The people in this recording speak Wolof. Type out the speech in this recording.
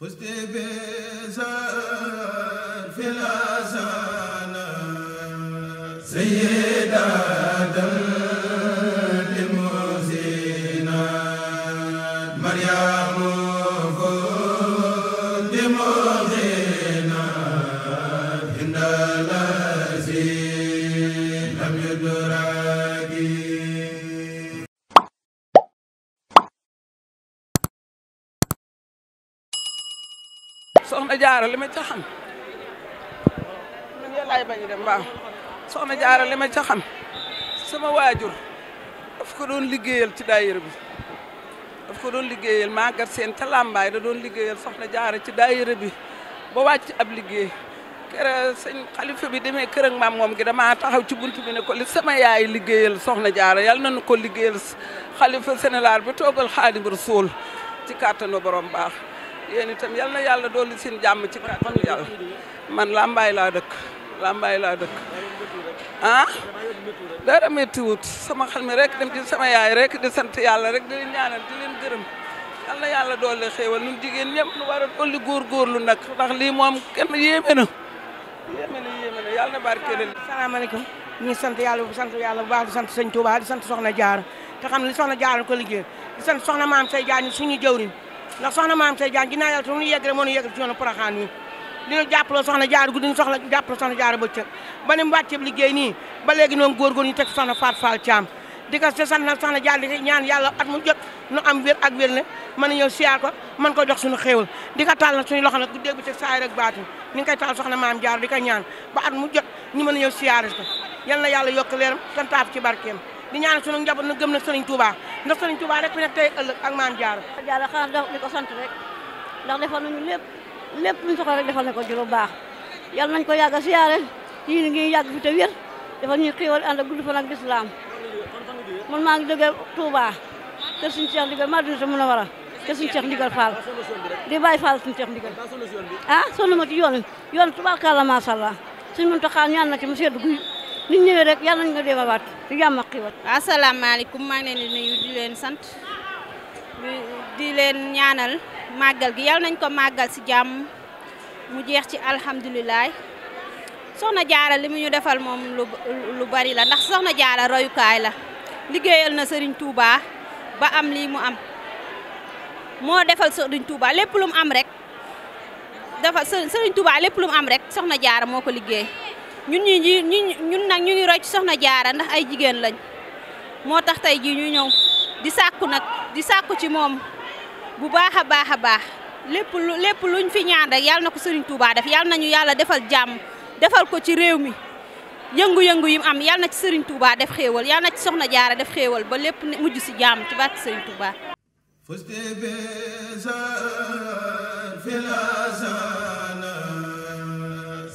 فزت بزار في الأزانة سيدة soxna jaara li ma ca xam man yàllaay bañ dem waaw jaara li ma ca xam sama waajur daf ko doon liggéeyal ci daayira bi daf doon liggéeyal màggat seen ca làmbaay da doon liggéeyal soxna jaara ci daayira bi ba wàcc ab liggéey kere sëñ xalifa bi demee kër ak maam moom gi damaa taxaw ci buntu bi ne ko li sama yaay liggéeyal soxna jaara yal nañu ko liggéeyal xalifa sénégal bi toogal xaadim rasul ci kàttanu borom baax tam itam yal na yàlla dolli seen jàmm ci kàttanu yàlla man Lambaye laa dëkk Lambaye laa dëkk ah dara métti wut sama xel mi rek dem ci sama yaay rek di sant yàlla rek di leen ñaanal di leen gërëm yal na yàlla dolli xéewal ñun jigéen ñëpp nu war a dolli góorgóorlu nag ndax lii moom kenn yéeme na yéeme na yéeme na yàlla na barkeelal. salaamaaleykum ñu ngi sant yàlla bu sant yàlla bu baax di sant sëñ Touba di sant Soxna Diarra te xam ne li Soxna Diarra ko liggéey di sant Soxna Maam Say Diarra suñu jëwriñ ndax soxna maam say jaan ginnaaw yàlla tunu yegg rek moo nu yegg ci yoonu Porokhane yi dina jàppaloo soxna jaar guddi ñu soxla soxna jaar bëccëg ba ni mu wàcceeb liggéey nii ba léegi noonu góorgóor ñu teg soxna Faat Fall Thiam di ko sa sant soxna jaar di ñaan yàlla at mu jot nu am wér ak wér le mën a ñëw siyaar ko mën ko jox suñu xéewal di ko taal na suñu loxo nag guddee bu teg saay rek baatu ni nga koy taal soxna maam jaar di ko ñaan ba at mu jot ñu mën a ñëw siyaare ko yal na yàlla yokk leeram tantaaf ci barkeem di ñaan suñu na gëm na sëriñ Tuubaa ndax sëriñ Tuubaa rek fi nekk tey ëllëg ak maam da di ko sant rek ndax defal nañu lépp lépp luñ soxla rek defal na ko juróom baax yal nañ ko yàgg a siyaare yii ni ngi yàgg fi te wér dafa ñuy xéewal ànd ak gudd fan ak lislaam man maa ngi dëgg Touba kër suñu Cheikh Ndigal Madina sa mën a war a kër suñu Cheikh Ndigal Fall di bàyyi Fall suñu Cheikh Ndigal ah sonn ma ci yoon yoon tubaarkalla maasàllaa suñu mën taxaa ñaan na ci mu sedd guy ñu ñëwee rek yàlla nañ ko demawaat ci jàmm ak xiiwal. asalaamaaleykum maa ngi leen di nuyu di leen sant di leen ñaanal màggal gi yàlla nañ ko màggal si jàmm mu jeex ci alhamdulilah soxna jaara li mu ñu defal moom lu bari la ndax soxna jaara royukaay la liggéeyal na sëriñ Touba ba am lii mu am moo defal sëriñ Touba lépp lum am rek dafa sëriñ Touba lépp lu am rek soxna jaara moo ko liggéey. ñun ñi ji ñun nag ñu ngi roy ci soxna jaara ndax ay jigéen lañ moo tax tey jii ñu ñëw di sàkku nag di sàkku ci moom bu baax a baax a baax lépp lu lépp luñ fi ñaan rek yàlla na ko Serigne Touba def yàlla nañu yàlla defal jàmm defal ko ci réew mi yëngu-yëngu yi am yàlla na ci Serigne Touba def xéewal yàlla na ci soxna jaara def xéewal ba lépp mujj si jàmm ci barke Serigne Touba.